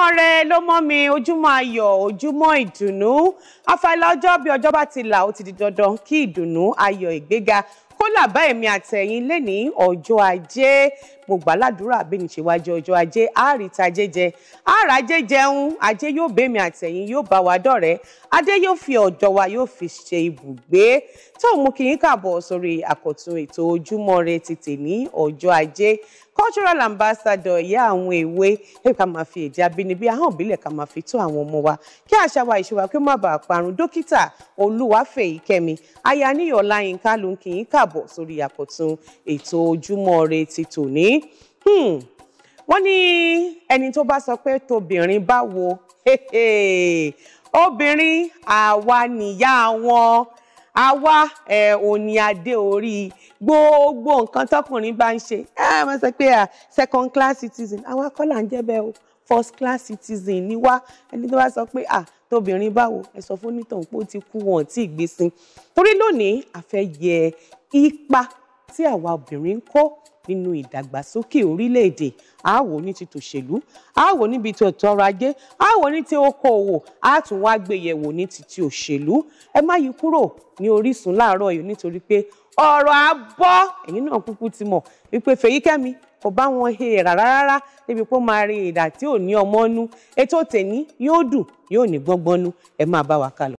ojúmọ́ rẹ ló mọ́ mi ojúmọ́ ayọ̀ ojúmọ́ ìdùnnú afẹ́lẹ́ ọjọ́ bí ọjọ́ bá ti là ó ti di dandan kí ìdùnnú ayọ̀ ìgbéga kó là bá èmi àtẹ̀yìn lẹ́ni ọjọ́ ajé mo gbà ládùúrà bẹ́ẹ̀ níṣe wájú ọjọ́ ajé àárítà jẹjẹ àárà jẹjẹun ajé yóò bẹ́ẹ̀mí àtẹ̀yìn yóò bá wa dọ̀rẹ́ adé yóò fi ọ̀dọ̀ wa yóò fi ṣe ibùgbé tó mú kí yín kàbọ̀ sórí àkọ́tún ètò ojúmọ́ rẹ ti tèmi ọjọ́ ajé cultural ambassador ìyá àwọn èwe ẹ ká máa fi èdè abínibí ahọ́n ìbílẹ̀ ká máa fi tó àwọn ọmọ wa kí àṣà wa ìṣe wa kí ó má bàa parun dókítà olúwàfẹ̀yìkẹ́mi ayaníyọ̀ ọláyínká ló ń kí yín káàbọ̀ sórí àkọ́tún ètò ojúmọ́ ire ti tòní hmm, wọ́n ní ẹni tó bá sọ pé tóbìnrin bá wo obìnrin àwa nìyá wọn àwa ẹ̀ òní adé orí gbogbo nǹkan tọkùnrin bá ń ṣe ẹ máa sọ pé à ah, second class citizen àwọn akọ́là ń jẹ́ bẹ́ẹ̀ o first class citizen ni wá ẹni tó bá sọ pé à ah, tóbìnrin báwo ẹ sọ fún onítàn pé ó ti kú wọn tí ìgbésìn torí lónìí a fẹ́ yẹ̀ ipa tí àwa obìnrin ń kó nínú ìdàgbàsókè orílẹ̀-èdè a wò ní ti tòṣèlú a wò níbi ti ọ̀tọ̀ ọrọ̀ ajé a wò ní ti okòòwò a tún wá gbé e yẹ̀wò ní ti ti òṣèlú ẹ má yí kúrò ní Orísun láàárọ̀ yìí nítorí pé ọ̀rọ̀ abọ́ ẹ̀yin náà kúkú ti mọ̀ wípé Fèyíkẹ́mi kò bá wọn he rárá rárá débi pé ó máa rí ìdà tí ò ní ọmọ nú ètò tèmi yóò dùn yóò ní gbọ́ngbọ́n nú ẹ máa bá wa kálọ.